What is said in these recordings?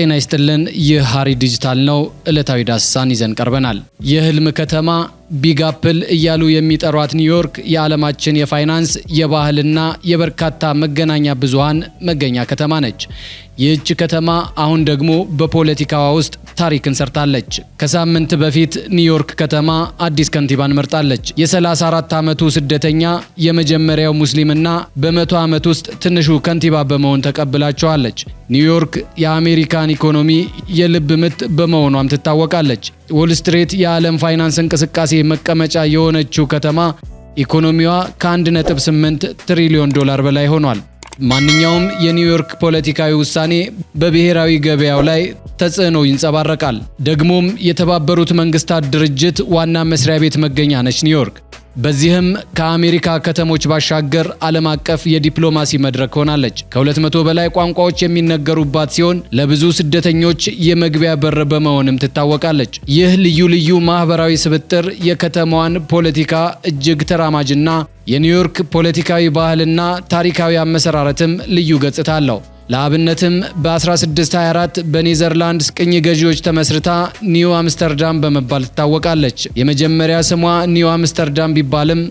ጤና ይስጥልን። ይህ ሓሪ ዲጂታል ነው። ዕለታዊ ዳስሳን ይዘን ቀርበናል። የህልም ከተማ ቢጋፕል አፕል እያሉ የሚጠሯት ኒውዮርክ የዓለማችን የፋይናንስ የባህልና የበርካታ መገናኛ ብዙሃን መገኛ ከተማ ነች። ይህች ከተማ አሁን ደግሞ በፖለቲካዋ ውስጥ ታሪክን ሰርታለች። ከሳምንት በፊት ኒውዮርክ ከተማ አዲስ ከንቲባን መርጣለች። የ34 ዓመቱ ስደተኛ የመጀመሪያው ሙስሊምና በመቶ ዓመት ውስጥ ትንሹ ከንቲባ በመሆን ተቀብላቸዋለች። ኒውዮርክ የአሜሪካን ኢኮኖሚ የልብ ምት በመሆኗም ትታወቃለች። ዎል የዓለም ፋይናንስ እንቅስቃሴ መቀመጫ የሆነችው ከተማ ኢኮኖሚዋ ከ1.8 ትሪሊዮን ዶላር በላይ ሆኗል። ማንኛውም የኒውዮርክ ፖለቲካዊ ውሳኔ በብሔራዊ ገበያው ላይ ተጽዕኖ ይንጸባረቃል። ደግሞም የተባበሩት መንግስታት ድርጅት ዋና መስሪያ ቤት መገኛ ነች ኒውዮርክ። በዚህም ከአሜሪካ ከተሞች ባሻገር ዓለም አቀፍ የዲፕሎማሲ መድረክ ሆናለች። ከ200 በላይ ቋንቋዎች የሚነገሩባት ሲሆን ለብዙ ስደተኞች የመግቢያ በር በመሆንም ትታወቃለች። ይህ ልዩ ልዩ ማህበራዊ ስብጥር የከተማዋን ፖለቲካ እጅግ ተራማጅና የኒውዮርክ ፖለቲካዊ ባህልና ታሪካዊ አመሰራረትም ልዩ ገጽታ አለው። ለአብነትም በ1624 በኔዘርላንድስ ቅኝ ገዢዎች ተመስርታ ኒው አምስተርዳም በመባል ትታወቃለች። የመጀመሪያ ስሟ ኒው አምስተርዳም ቢባልም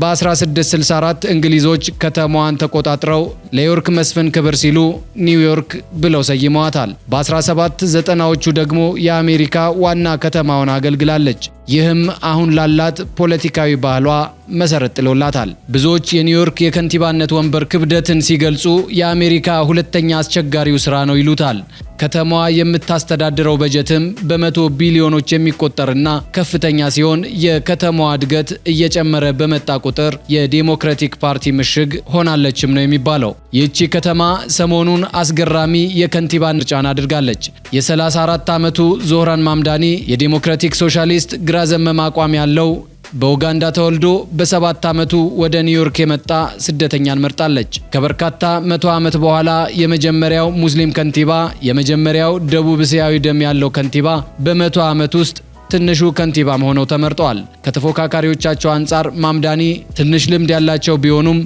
በ1664 እንግሊዞች ከተማዋን ተቆጣጥረው ለዮርክ መስፍን ክብር ሲሉ ኒውዮርክ ብለው ሰይመዋታል። በ1790ዎቹ ደግሞ የአሜሪካ ዋና ከተማውን አገልግላለች። ይህም አሁን ላላት ፖለቲካዊ ባህሏ መሰረት ጥሎላታል። ብዙዎች የኒውዮርክ የከንቲባነት ወንበር ክብደትን ሲገልጹ የአሜሪካ ሁለተኛ አስቸጋሪው ስራ ነው ይሉታል። ከተማዋ የምታስተዳድረው በጀትም በመቶ ቢሊዮኖች የሚቆጠርና ከፍተኛ ሲሆን የከተማዋ እድገት እየጨመረ በመጣ ቁጥር የዴሞክራቲክ ፓርቲ ምሽግ ሆናለችም ነው የሚባለው። ይህቺ ከተማ ሰሞኑን አስገራሚ የከንቲባን ምርጫን አድርጋለች። የ34 ዓመቱ ዞህራን ማምዳኒ የዴሞክራቲክ ሶሻሊስት ግራ ዘመም አቋም ያለው በኡጋንዳ ተወልዶ በሰባት ዓመቱ ወደ ኒውዮርክ የመጣ ስደተኛን መርጣለች። ከበርካታ መቶ ዓመት በኋላ የመጀመሪያው ሙስሊም ከንቲባ፣ የመጀመሪያው ደቡብ እስያዊ ደም ያለው ከንቲባ በመቶ ዓመት ውስጥ ትንሹ ከንቲባም ሆነው ተመርጠዋል። ከተፎካካሪዎቻቸው አንጻር ማምዳኒ ትንሽ ልምድ ያላቸው ቢሆኑም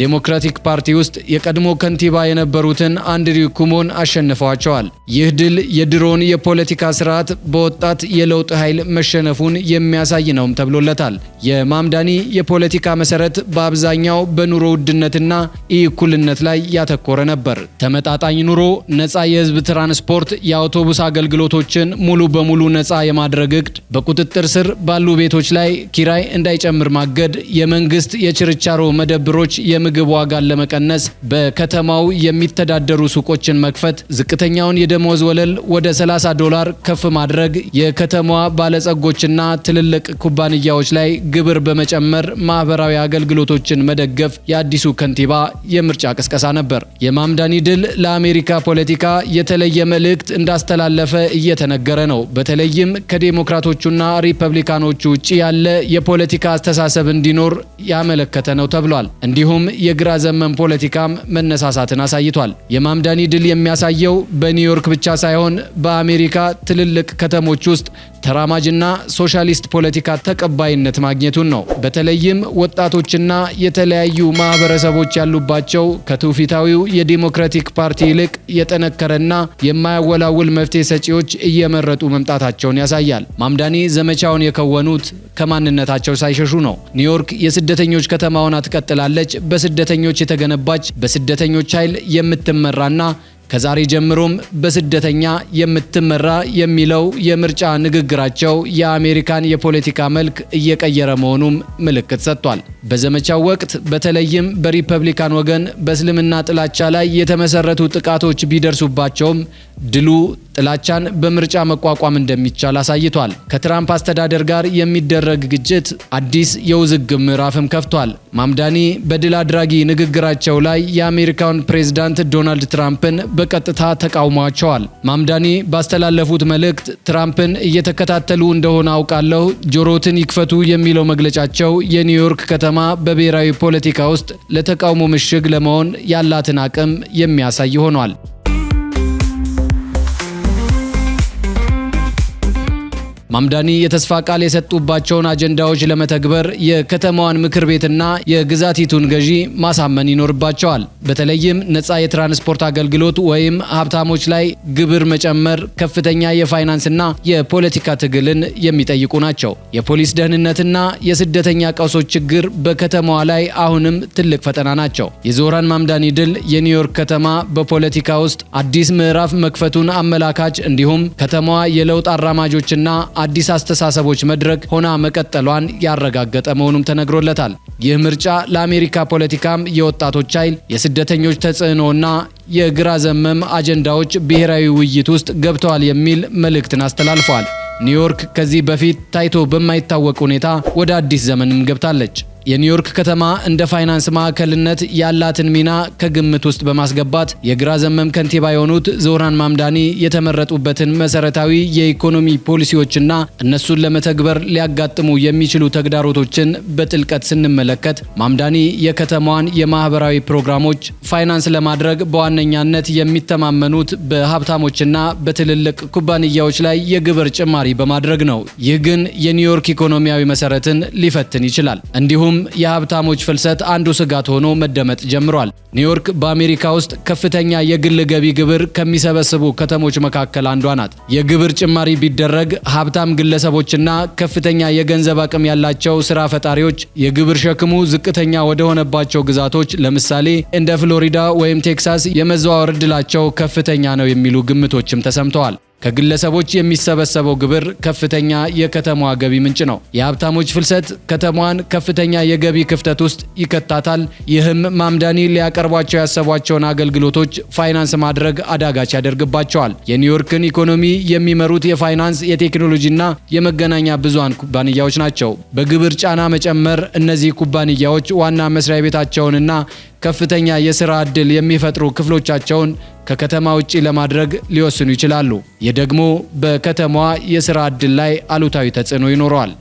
ዴሞክራቲክ ፓርቲ ውስጥ የቀድሞ ከንቲባ የነበሩትን አንድሪው ኩሞን አሸንፈዋቸዋል። ይህ ድል የድሮውን የፖለቲካ ስርዓት በወጣት የለውጥ ኃይል መሸነፉን የሚያሳይ ነውም ተብሎለታል። የማምዳኒ የፖለቲካ መሰረት በአብዛኛው በኑሮ ውድነትና ኢእኩልነት ላይ ያተኮረ ነበር። ተመጣጣኝ ኑሮ፣ ነፃ የህዝብ ትራንስፖርት፣ የአውቶቡስ አገልግሎቶችን ሙሉ በሙሉ ነፃ የማድረግ እቅድ፣ በቁጥጥር ስር ባሉ ቤቶች ላይ ኪራይ እንዳይጨምር ማገድ፣ የመንግስት የችርቻሮ መደብሮች የምግብ ዋጋን ለመቀነስ በከተማው የሚተዳደሩ ሱቆችን መክፈት፣ ዝቅተኛውን የደሞዝ ወለል ወደ 30 ዶላር ከፍ ማድረግ፣ የከተማዋ ባለጸጎችና ትልልቅ ኩባንያዎች ላይ ግብር በመጨመር ማህበራዊ አገልግሎቶችን መደገፍ የአዲሱ ከንቲባ የምርጫ ቅስቀሳ ነበር። የማምዳኒ ድል ለአሜሪካ ፖለቲካ የተለየ መልእክት እንዳስተላለፈ እየተነገረ ነው። በተለይም ከዴሞክራቶቹና ሪፐብሊካኖቹ ውጭ ያለ የፖለቲካ አስተሳሰብ እንዲኖር ያመለከተ ነው ተብሏል። እንዲሁም የግራ ዘመን ፖለቲካም መነሳሳትን አሳይቷል። የማምዳኒ ድል የሚያሳየው በኒውዮርክ ብቻ ሳይሆን በአሜሪካ ትልልቅ ከተሞች ውስጥ ተራማጅና ሶሻሊስት ፖለቲካ ተቀባይነት ማግኘቱን ነው። በተለይም ወጣቶችና የተለያዩ ማህበረሰቦች ያሉባቸው ከትውፊታዊው የዲሞክራቲክ ፓርቲ ይልቅ የጠነከረና የማያወላውል መፍትሄ ሰጪዎች እየመረጡ መምጣታቸውን ያሳያል። ማምዳኒ ዘመቻውን የከወኑት ከማንነታቸው ሳይሸሹ ነው። ኒውዮርክ የስደተኞች ከተማ ሆና ትቀጥላለች። በስደተኞች የተገነባች፣ በስደተኞች ኃይል የምትመራና ከዛሬ ጀምሮም በስደተኛ የምትመራ የሚለው የምርጫ ንግግራቸው የአሜሪካን የፖለቲካ መልክ እየቀየረ መሆኑም ምልክት ሰጥቷል። በዘመቻው ወቅት በተለይም በሪፐብሊካን ወገን በእስልምና ጥላቻ ላይ የተመሰረቱ ጥቃቶች ቢደርሱባቸውም ድሉ ጥላቻን በምርጫ መቋቋም እንደሚቻል አሳይቷል። ከትራምፕ አስተዳደር ጋር የሚደረግ ግጭት አዲስ የውዝግብ ምዕራፍም ከፍቷል። ማምዳኒ በድል አድራጊ ንግግራቸው ላይ የአሜሪካውን ፕሬዝዳንት ዶናልድ ትራምፕን በቀጥታ ተቃውሟቸዋል። ማምዳኒ ባስተላለፉት መልእክት ትራምፕን እየተከታተሉ እንደሆነ አውቃለሁ፣ ጆሮትን ይክፈቱ የሚለው መግለጫቸው የኒውዮርክ ከተማ በብሔራዊ ፖለቲካ ውስጥ ለተቃውሞ ምሽግ ለመሆን ያላትን አቅም የሚያሳይ ሆኗል። ማምዳኒ የተስፋ ቃል የሰጡባቸውን አጀንዳዎች ለመተግበር የከተማዋን ምክር ቤትና የግዛቲቱን ገዢ ማሳመን ይኖርባቸዋል። በተለይም ነፃ የትራንስፖርት አገልግሎት ወይም ሀብታሞች ላይ ግብር መጨመር ከፍተኛ የፋይናንስና የፖለቲካ ትግልን የሚጠይቁ ናቸው። የፖሊስ ደህንነትና የስደተኛ ቀውሶች ችግር በከተማዋ ላይ አሁንም ትልቅ ፈተና ናቸው። የዞህራን ማምዳኒ ድል የኒውዮርክ ከተማ በፖለቲካ ውስጥ አዲስ ምዕራፍ መክፈቱን አመላካች እንዲሁም ከተማዋ የለውጥ አራማጆችና አዲስ አስተሳሰቦች መድረክ ሆና መቀጠሏን ያረጋገጠ መሆኑም ተነግሮለታል። ይህ ምርጫ ለአሜሪካ ፖለቲካም የወጣቶች ኃይል፣ የስደተኞች ተጽዕኖና የግራ ዘመም አጀንዳዎች ብሔራዊ ውይይት ውስጥ ገብተዋል የሚል መልእክትን አስተላልፏል። ኒውዮርክ ከዚህ በፊት ታይቶ በማይታወቅ ሁኔታ ወደ አዲስ ዘመንም ገብታለች። የኒውዮርክ ከተማ እንደ ፋይናንስ ማዕከልነት ያላትን ሚና ከግምት ውስጥ በማስገባት የግራ ዘመም ከንቲባ የሆኑት ዞራን ማምዳኒ የተመረጡበትን መሰረታዊ የኢኮኖሚ ፖሊሲዎችና እነሱን ለመተግበር ሊያጋጥሙ የሚችሉ ተግዳሮቶችን በጥልቀት ስንመለከት ማምዳኒ የከተማዋን የማህበራዊ ፕሮግራሞች ፋይናንስ ለማድረግ በዋነኛነት የሚተማመኑት በሀብታሞችና በትልልቅ ኩባንያዎች ላይ የግብር ጭማሪ በማድረግ ነው። ይህ ግን የኒውዮርክ ኢኮኖሚያዊ መሰረትን ሊፈትን ይችላል እንዲሁም የሀብታሞች ፍልሰት አንዱ ስጋት ሆኖ መደመጥ ጀምሯል። ኒውዮርክ በአሜሪካ ውስጥ ከፍተኛ የግል ገቢ ግብር ከሚሰበስቡ ከተሞች መካከል አንዷ ናት። የግብር ጭማሪ ቢደረግ ሀብታም ግለሰቦችና ከፍተኛ የገንዘብ አቅም ያላቸው ስራ ፈጣሪዎች የግብር ሸክሙ ዝቅተኛ ወደሆነባቸው ግዛቶች ለምሳሌ እንደ ፍሎሪዳ ወይም ቴክሳስ የመዘዋወር ዕድላቸው ከፍተኛ ነው የሚሉ ግምቶችም ተሰምተዋል። ከግለሰቦች የሚሰበሰበው ግብር ከፍተኛ የከተማዋ ገቢ ምንጭ ነው። የሀብታሞች ፍልሰት ከተማዋን ከፍተኛ የገቢ ክፍተት ውስጥ ይከታታል። ይህም ማምዳኒ ሊያቀርቧቸው ያሰቧቸውን አገልግሎቶች ፋይናንስ ማድረግ አዳጋች ያደርግባቸዋል። የኒውዮርክን ኢኮኖሚ የሚመሩት የፋይናንስ የቴክኖሎጂና የመገናኛ ብዙሃን ኩባንያዎች ናቸው። በግብር ጫና መጨመር እነዚህ ኩባንያዎች ዋና መስሪያ ቤታቸውንና ከፍተኛ የሥራ ዕድል የሚፈጥሩ ክፍሎቻቸውን ከከተማ ውጪ ለማድረግ ሊወስኑ ይችላሉ። ይህ ደግሞ በከተማዋ የሥራ ዕድል ላይ አሉታዊ ተጽዕኖ ይኖረዋል።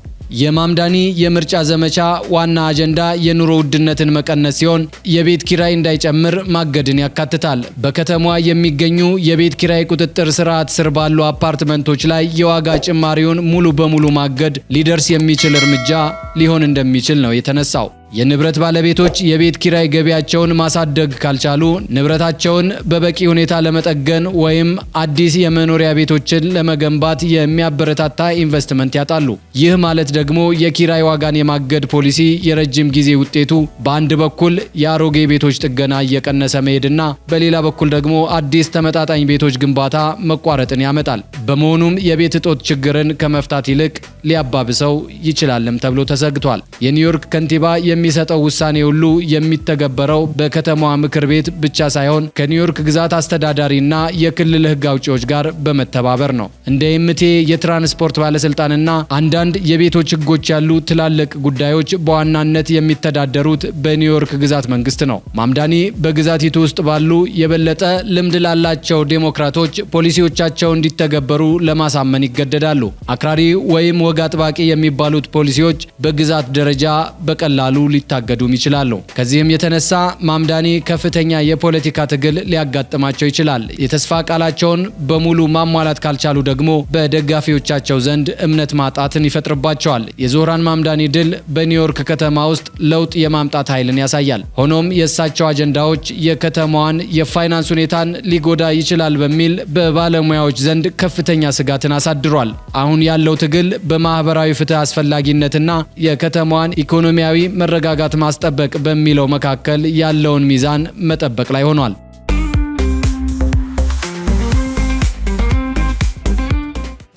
የማምዳኒ የምርጫ ዘመቻ ዋና አጀንዳ የኑሮ ውድነትን መቀነስ ሲሆን የቤት ኪራይ እንዳይጨምር ማገድን ያካትታል። በከተማዋ የሚገኙ የቤት ኪራይ ቁጥጥር ስርዓት ስር ባሉ አፓርትመንቶች ላይ የዋጋ ጭማሪውን ሙሉ በሙሉ ማገድ ሊደርስ የሚችል እርምጃ ሊሆን እንደሚችል ነው የተነሳው። የንብረት ባለቤቶች የቤት ኪራይ ገቢያቸውን ማሳደግ ካልቻሉ ንብረታቸውን በበቂ ሁኔታ ለመጠገን ወይም አዲስ የመኖሪያ ቤቶችን ለመገንባት የሚያበረታታ ኢንቨስትመንት ያጣሉ። ይህ ማለት ደግሞ የኪራይ ዋጋን የማገድ ፖሊሲ የረጅም ጊዜ ውጤቱ በአንድ በኩል የአሮጌ ቤቶች ጥገና እየቀነሰ መሄድና በሌላ በኩል ደግሞ አዲስ ተመጣጣኝ ቤቶች ግንባታ መቋረጥን ያመጣል። በመሆኑም የቤት እጦት ችግርን ከመፍታት ይልቅ ሊያባብሰው ይችላልም ተብሎ ተሰግቷል። የኒውዮርክ ከንቲባ የሚሰጠው ውሳኔ ሁሉ የሚተገበረው በከተማዋ ምክር ቤት ብቻ ሳይሆን ከኒውዮርክ ግዛት አስተዳዳሪና የክልል ህግ አውጪዎች ጋር በመተባበር ነው። እንደ ኤምቴ የትራንስፖርት ባለስልጣንና አንዳንድ የቤቶች ሕጎች ያሉ ትላልቅ ጉዳዮች በዋናነት የሚተዳደሩት በኒውዮርክ ግዛት መንግስት ነው። ማምዳኒ በግዛቲቱ ውስጥ ባሉ የበለጠ ልምድ ላላቸው ዴሞክራቶች ፖሊሲዎቻቸው እንዲተገበሩ ለማሳመን ይገደዳሉ። አክራሪ ወይም ወግ አጥባቂ የሚባሉት ፖሊሲዎች በግዛት ደረጃ በቀላሉ ሊታገዱም ይችላሉ። ከዚህም የተነሳ ማምዳኒ ከፍተኛ የፖለቲካ ትግል ሊያጋጥማቸው ይችላል። የተስፋ ቃላቸውን በሙሉ ማሟላት ካልቻሉ ደግሞ በደጋፊዎቻቸው ዘንድ እምነት ማጣትን ይፈጥርባቸዋል። የዞህራን ማምዳኒ ድል በኒውዮርክ ከተማ ውስጥ ለውጥ የማምጣት ኃይልን ያሳያል። ሆኖም የእሳቸው አጀንዳዎች የከተማዋን የፋይናንስ ሁኔታን ሊጎዳ ይችላል በሚል በባለሙያዎች ዘንድ ከፍተኛ ስጋትን አሳድሯል። አሁን ያለው ትግል በማህበራዊ ፍትህ አስፈላጊነትና የከተማዋን ኢኮኖሚያዊ መረ መረጋጋት ማስጠበቅ በሚለው መካከል ያለውን ሚዛን መጠበቅ ላይ ሆኗል።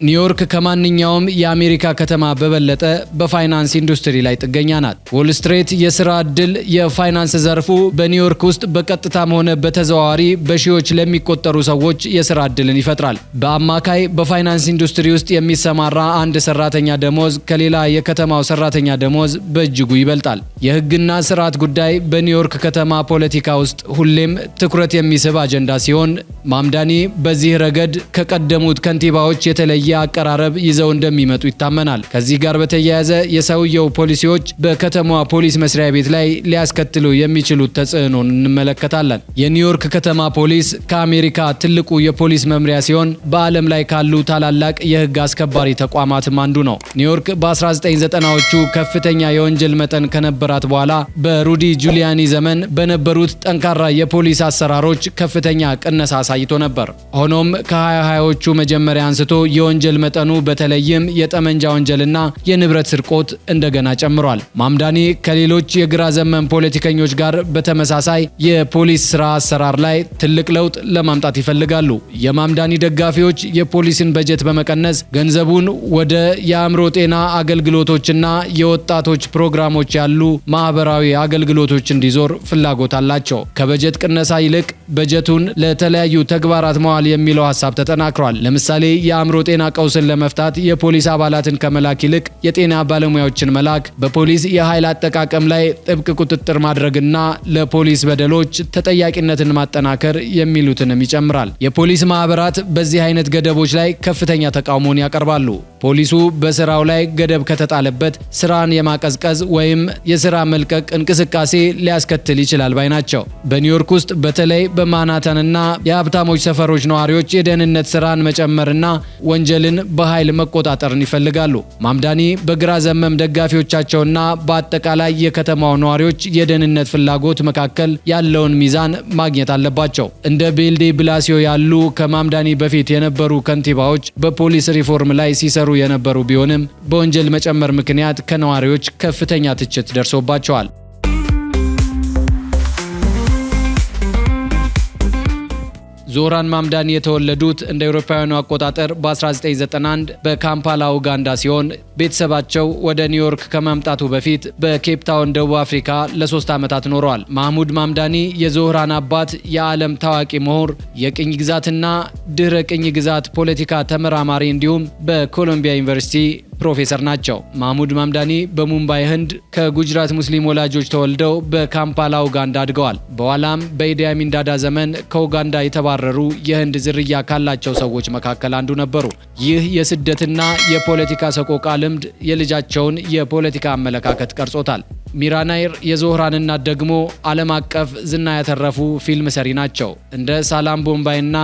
ኒውዮርክ ከማንኛውም የአሜሪካ ከተማ በበለጠ በፋይናንስ ኢንዱስትሪ ላይ ጥገኛ ናት። ዎል ስትሬት የስራ ዕድል የፋይናንስ ዘርፉ በኒውዮርክ ውስጥ በቀጥታም ሆነ በተዘዋዋሪ በሺዎች ለሚቆጠሩ ሰዎች የስራ ዕድልን ይፈጥራል። በአማካይ በፋይናንስ ኢንዱስትሪ ውስጥ የሚሰማራ አንድ ሰራተኛ ደሞዝ ከሌላ የከተማው ሰራተኛ ደሞዝ በእጅጉ ይበልጣል። የህግና ስርዓት ጉዳይ በኒውዮርክ ከተማ ፖለቲካ ውስጥ ሁሌም ትኩረት የሚስብ አጀንዳ ሲሆን ማምዳኒ በዚህ ረገድ ከቀደሙት ከንቲባዎች የተለየ የተለየ አቀራረብ ይዘው እንደሚመጡ ይታመናል። ከዚህ ጋር በተያያዘ የሰውየው ፖሊሲዎች በከተማዋ ፖሊስ መስሪያ ቤት ላይ ሊያስከትሉ የሚችሉት ተጽዕኖን እንመለከታለን። የኒውዮርክ ከተማ ፖሊስ ከአሜሪካ ትልቁ የፖሊስ መምሪያ ሲሆን በዓለም ላይ ካሉ ታላላቅ የህግ አስከባሪ ተቋማትም አንዱ ነው። ኒውዮርክ በ1990ዎቹ ከፍተኛ የወንጀል መጠን ከነበራት በኋላ በሩዲ ጁሊያኒ ዘመን በነበሩት ጠንካራ የፖሊስ አሰራሮች ከፍተኛ ቅነሳ አሳይቶ ነበር። ሆኖም ከ2020ዎቹ መጀመሪያ አንስቶ የወንጀል የወንጀል መጠኑ በተለይም የጠመንጃ ወንጀልና የንብረት ስርቆት እንደገና ጨምሯል። ማምዳኒ ከሌሎች የግራ ዘመን ፖለቲከኞች ጋር በተመሳሳይ የፖሊስ ስራ አሰራር ላይ ትልቅ ለውጥ ለማምጣት ይፈልጋሉ። የማምዳኒ ደጋፊዎች የፖሊስን በጀት በመቀነስ ገንዘቡን ወደ የአእምሮ ጤና አገልግሎቶችና የወጣቶች ፕሮግራሞች ያሉ ማህበራዊ አገልግሎቶች እንዲዞር ፍላጎት አላቸው። ከበጀት ቅነሳ ይልቅ በጀቱን ለተለያዩ ተግባራት መዋል የሚለው ሀሳብ ተጠናክሯል። ለምሳሌ የአእምሮ ጤና ቀውስን ለመፍታት የፖሊስ አባላትን ከመላክ ይልቅ የጤና ባለሙያዎችን መላክ፣ በፖሊስ የኃይል አጠቃቀም ላይ ጥብቅ ቁጥጥር ማድረግና ለፖሊስ በደሎች ተጠያቂነትን ማጠናከር የሚሉትንም ይጨምራል። የፖሊስ ማህበራት በዚህ አይነት ገደቦች ላይ ከፍተኛ ተቃውሞን ያቀርባሉ። ፖሊሱ በስራው ላይ ገደብ ከተጣለበት ስራን የማቀዝቀዝ ወይም የስራ መልቀቅ እንቅስቃሴ ሊያስከትል ይችላል ባይ ናቸው። በኒውዮርክ ውስጥ በተለይ በማናተንና የሀብታሞች ሰፈሮች ነዋሪዎች የደህንነት ስራን መጨመርና ወንጀል ክልልን በኃይል መቆጣጠርን ይፈልጋሉ። ማምዳኒ በግራ ዘመም ደጋፊዎቻቸውና በአጠቃላይ የከተማው ነዋሪዎች የደህንነት ፍላጎት መካከል ያለውን ሚዛን ማግኘት አለባቸው። እንደ ቤልዴ ብላሲዮ ያሉ ከማምዳኒ በፊት የነበሩ ከንቲባዎች በፖሊስ ሪፎርም ላይ ሲሰሩ የነበሩ ቢሆንም በወንጀል መጨመር ምክንያት ከነዋሪዎች ከፍተኛ ትችት ደርሶባቸዋል። ዞራን ማምዳኒ የተወለዱት እንደ አውሮፓውያኑ አቆጣጠር በ1991 በካምፓላ ኡጋንዳ ሲሆን ቤተሰባቸው ወደ ኒውዮርክ ከማምጣቱ በፊት በኬፕታውን ደቡብ አፍሪካ ለሶስት ዓመታት ኖረዋል። ማህሙድ ማምዳኒ የዞህራን አባት የዓለም ታዋቂ ምሁር፣ የቅኝ ግዛትና ድህረ ቅኝ ግዛት ፖለቲካ ተመራማሪ እንዲሁም በኮሎምቢያ ዩኒቨርሲቲ ፕሮፌሰር ናቸው። ማህሙድ ማምዳኒ በሙምባይ ህንድ ከጉጅራት ሙስሊም ወላጆች ተወልደው በካምፓላ ኡጋንዳ አድገዋል። በኋላም በኢዲያሚን ዳዳ ዘመን ከኡጋንዳ የተባረሩ የህንድ ዝርያ ካላቸው ሰዎች መካከል አንዱ ነበሩ። ይህ የስደትና የፖለቲካ ሰቆቃ ልምድ የልጃቸውን የፖለቲካ አመለካከት ቀርጾታል። ሚራናይር የዞህራንና ደግሞ ዓለም አቀፍ ዝና ያተረፉ ፊልም ሰሪ ናቸው። እንደ ሳላም ቦምባይና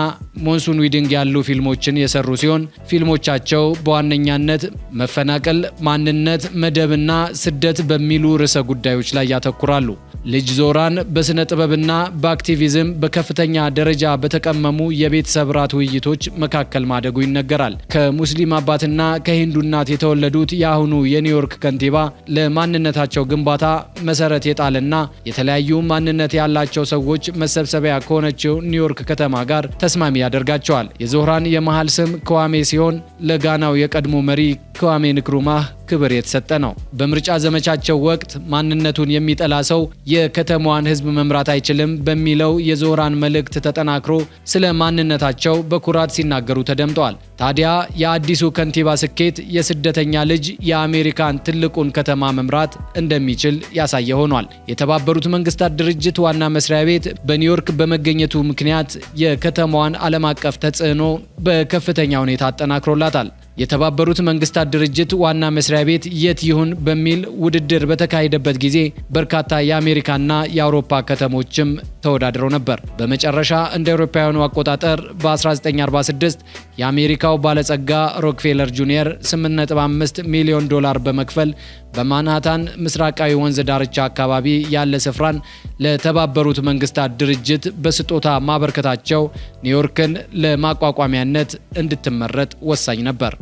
ሞንሱን ዊድንግ ያሉ ፊልሞችን የሰሩ ሲሆን ፊልሞቻቸው በዋነኛነት መፈናቀል፣ ማንነት፣ መደብና ስደት በሚሉ ርዕሰ ጉዳዮች ላይ ያተኩራሉ። ልጅ ዞራን በሥነ ጥበብና በአክቲቪዝም በከፍተኛ ደረጃ በተቀመሙ የቤተሰብ ራት ውይይቶች መካከል ማደጉ ይነገራል። ከሙስሊም አባትና ከሂንዱ እናት የተወለዱት የአሁኑ የኒውዮርክ ከንቲባ ለማንነታቸው ግንባታ መሰረት የጣለና የተለያዩ ማንነት ያላቸው ሰዎች መሰብሰቢያ ከሆነችው ኒውዮርክ ከተማ ጋር ተስማሚ ያደርጋቸዋል። የዞህራን የመሃል ስም ከዋሜ ሲሆን ለጋናው የቀድሞ መሪ ከዋሜ ንክሩማህ ክብር የተሰጠ ነው። በምርጫ ዘመቻቸው ወቅት ማንነቱን የሚጠላ ሰው የከተማዋን ሕዝብ መምራት አይችልም በሚለው የዞህራን መልእክት ተጠናክሮ ስለ ማንነታቸው በኩራት ሲናገሩ ተደምጠዋል። ታዲያ የአዲሱ ከንቲባ ስኬት የስደተኛ ልጅ የአሜሪካን ትልቁን ከተማ መምራት እንደሚችል ያሳየ ሆኗል። የተባበሩት መንግስታት ድርጅት ዋና መስሪያ ቤት በኒውዮርክ በመገኘቱ ምክንያት የከተማዋን ዓለም አቀፍ ተጽዕኖ በከፍተኛ ሁኔታ አጠናክሮላታል። የተባበሩት መንግስታት ድርጅት ዋና መስሪያ ቤት የት ይሁን በሚል ውድድር በተካሄደበት ጊዜ በርካታ የአሜሪካና የአውሮፓ ከተሞችም ተወዳድረው ነበር። በመጨረሻ እንደ አውሮፓውያኑ አቆጣጠር በ1946 የአሜሪካው ባለጸጋ ሮክፌለር ጁኒየር 8.5 ሚሊዮን ዶላር በመክፈል በማንሃታን ምስራቃዊ ወንዝ ዳርቻ አካባቢ ያለ ስፍራን ለተባበሩት መንግስታት ድርጅት በስጦታ ማበርከታቸው ኒውዮርክን ለማቋቋሚያነት እንድትመረጥ ወሳኝ ነበር።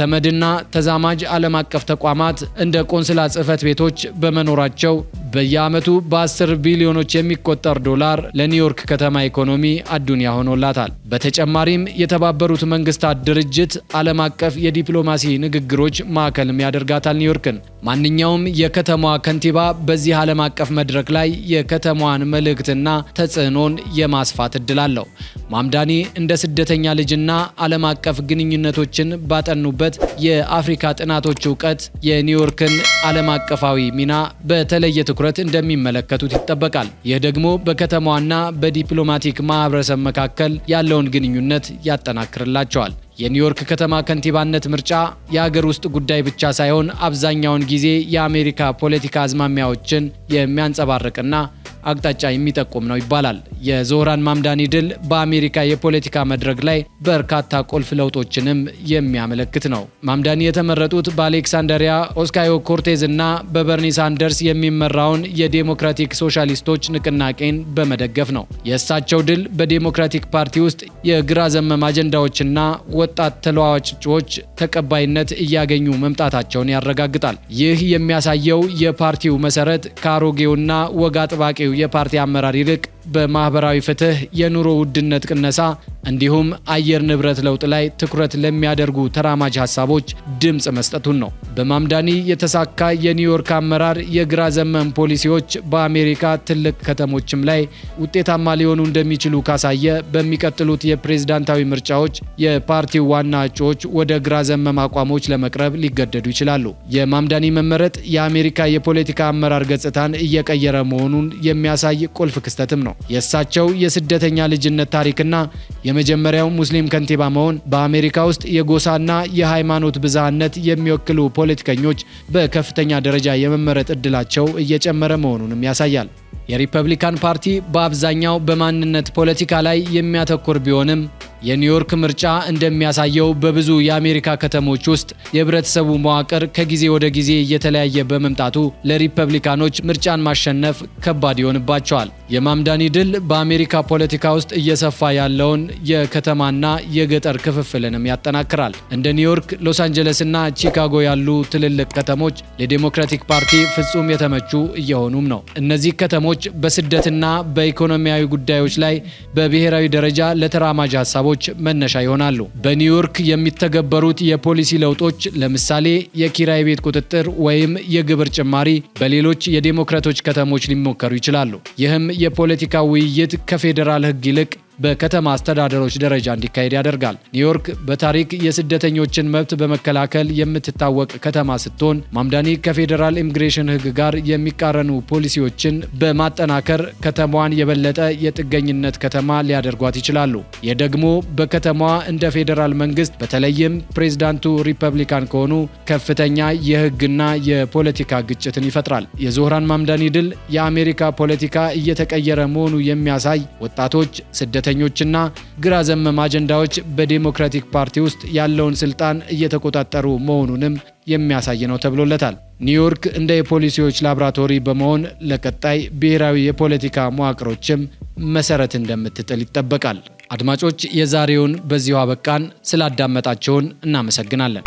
ተመድና ተዛማጅ ዓለም አቀፍ ተቋማት እንደ ቆንስላ ጽህፈት ቤቶች በመኖራቸው በየዓመቱ በ10 ቢሊዮኖች የሚቆጠር ዶላር ለኒውዮርክ ከተማ ኢኮኖሚ አዱንያ ሆኖላታል። በተጨማሪም የተባበሩት መንግስታት ድርጅት ዓለም አቀፍ የዲፕሎማሲ ንግግሮች ማዕከልም ያደርጋታል ኒውዮርክን። ማንኛውም የከተማዋ ከንቲባ በዚህ ዓለም አቀፍ መድረክ ላይ የከተማዋን መልእክትና ተጽዕኖን የማስፋት እድል አለው። ማምዳኒ እንደ ስደተኛ ልጅና ዓለም አቀፍ ግንኙነቶችን ባጠኑበት የሚገኙበት የአፍሪካ ጥናቶች እውቀት የኒውዮርክን ዓለም አቀፋዊ ሚና በተለየ ትኩረት እንደሚመለከቱት ይጠበቃል። ይህ ደግሞ በከተማዋና በዲፕሎማቲክ ማህበረሰብ መካከል ያለውን ግንኙነት ያጠናክርላቸዋል። የኒውዮርክ ከተማ ከንቲባነት ምርጫ የሀገር ውስጥ ጉዳይ ብቻ ሳይሆን አብዛኛውን ጊዜ የአሜሪካ ፖለቲካ አዝማሚያዎችን የሚያንጸባርቅና አቅጣጫ የሚጠቁም ነው ይባላል። የዞህራን ማምዳኒ ድል በአሜሪካ የፖለቲካ መድረክ ላይ በርካታ ቁልፍ ለውጦችንም የሚያመለክት ነው። ማምዳኒ የተመረጡት በአሌክሳንደሪያ ኦስካዮ ኮርቴዝ እና በበርኒ ሳንደርስ የሚመራውን የዴሞክራቲክ ሶሻሊስቶች ንቅናቄን በመደገፍ ነው። የእሳቸው ድል በዴሞክራቲክ ፓርቲ ውስጥ የግራ ዘመም አጀንዳዎችና ወጣት ተለዋዋጭ እጩዎች ተቀባይነት እያገኙ መምጣታቸውን ያረጋግጣል። ይህ የሚያሳየው የፓርቲው መሰረት ከአሮጌውና ወግ አጥባቂው ከመሪው የፓርቲ አመራር ይልቅ በማህበራዊ ፍትህ፣ የኑሮ ውድነት ቅነሳ እንዲሁም አየር ንብረት ለውጥ ላይ ትኩረት ለሚያደርጉ ተራማጅ ሀሳቦች ድምፅ መስጠቱን ነው። በማምዳኒ የተሳካ የኒውዮርክ አመራር የግራ ዘመን ፖሊሲዎች በአሜሪካ ትልቅ ከተሞችም ላይ ውጤታማ ሊሆኑ እንደሚችሉ ካሳየ በሚቀጥሉት የፕሬዝዳንታዊ ምርጫዎች የፓርቲው ዋና እጩዎች ወደ ግራ ዘመም አቋሞች ለመቅረብ ሊገደዱ ይችላሉ። የማምዳኒ መመረጥ የአሜሪካ የፖለቲካ አመራር ገጽታን እየቀየረ መሆኑን የሚያሳይ ቁልፍ ክስተትም ነው። የእሳቸው የስደተኛ ልጅነት ታሪክና የመጀመሪያው ሙስሊም ከንቲባ መሆን በአሜሪካ ውስጥ የጎሳና የሃይማኖት ብዝሃነት የሚወክሉ ፖለቲከኞች በከፍተኛ ደረጃ የመመረጥ እድላቸው እየጨመረ መሆኑንም ያሳያል። የሪፐብሊካን ፓርቲ በአብዛኛው በማንነት ፖለቲካ ላይ የሚያተኩር ቢሆንም የኒውዮርክ ምርጫ እንደሚያሳየው በብዙ የአሜሪካ ከተሞች ውስጥ የህብረተሰቡ መዋቅር ከጊዜ ወደ ጊዜ እየተለያየ በመምጣቱ ለሪፐብሊካኖች ምርጫን ማሸነፍ ከባድ ይሆንባቸዋል። የማምዳኒ ድል በአሜሪካ ፖለቲካ ውስጥ እየሰፋ ያለውን የከተማና የገጠር ክፍፍልንም ያጠናክራል። እንደ ኒውዮርክ፣ ሎስ አንጀለስና ቺካጎ ያሉ ትልልቅ ከተሞች ለዴሞክራቲክ ፓርቲ ፍጹም የተመቹ እየሆኑም ነው። እነዚህ ከተሞች በስደትና በኢኮኖሚያዊ ጉዳዮች ላይ በብሔራዊ ደረጃ ለተራማጅ ሀሳቦች ሀሳቦች መነሻ ይሆናሉ። በኒውዮርክ የሚተገበሩት የፖሊሲ ለውጦች ለምሳሌ የኪራይ ቤት ቁጥጥር ወይም የግብር ጭማሪ በሌሎች የዴሞክራቶች ከተሞች ሊሞከሩ ይችላሉ። ይህም የፖለቲካ ውይይት ከፌዴራል ሕግ ይልቅ በከተማ አስተዳደሮች ደረጃ እንዲካሄድ ያደርጋል። ኒውዮርክ በታሪክ የስደተኞችን መብት በመከላከል የምትታወቅ ከተማ ስትሆን ማምዳኒ ከፌዴራል ኢሚግሬሽን ሕግ ጋር የሚቃረኑ ፖሊሲዎችን በማጠናከር ከተማዋን የበለጠ የጥገኝነት ከተማ ሊያደርጓት ይችላሉ። ይህ ደግሞ በከተማዋ እንደ ፌዴራል መንግስት በተለይም ፕሬዝዳንቱ ሪፐብሊካን ከሆኑ ከፍተኛ የህግና የፖለቲካ ግጭትን ይፈጥራል። የዞህራን ማምዳኒ ድል የአሜሪካ ፖለቲካ እየተቀየረ መሆኑ የሚያሳይ ወጣቶች ስደተ ፖለቲከኞችና ግራ ዘመም አጀንዳዎች በዴሞክራቲክ ፓርቲ ውስጥ ያለውን ስልጣን እየተቆጣጠሩ መሆኑንም የሚያሳይ ነው ተብሎለታል። ኒውዮርክ እንደ የፖሊሲዎች ላብራቶሪ በመሆን ለቀጣይ ብሔራዊ የፖለቲካ መዋቅሮችም መሰረት እንደምትጥል ይጠበቃል። አድማጮች፣ የዛሬውን በዚሁ አበቃን። ስላዳመጣቸውን እናመሰግናለን።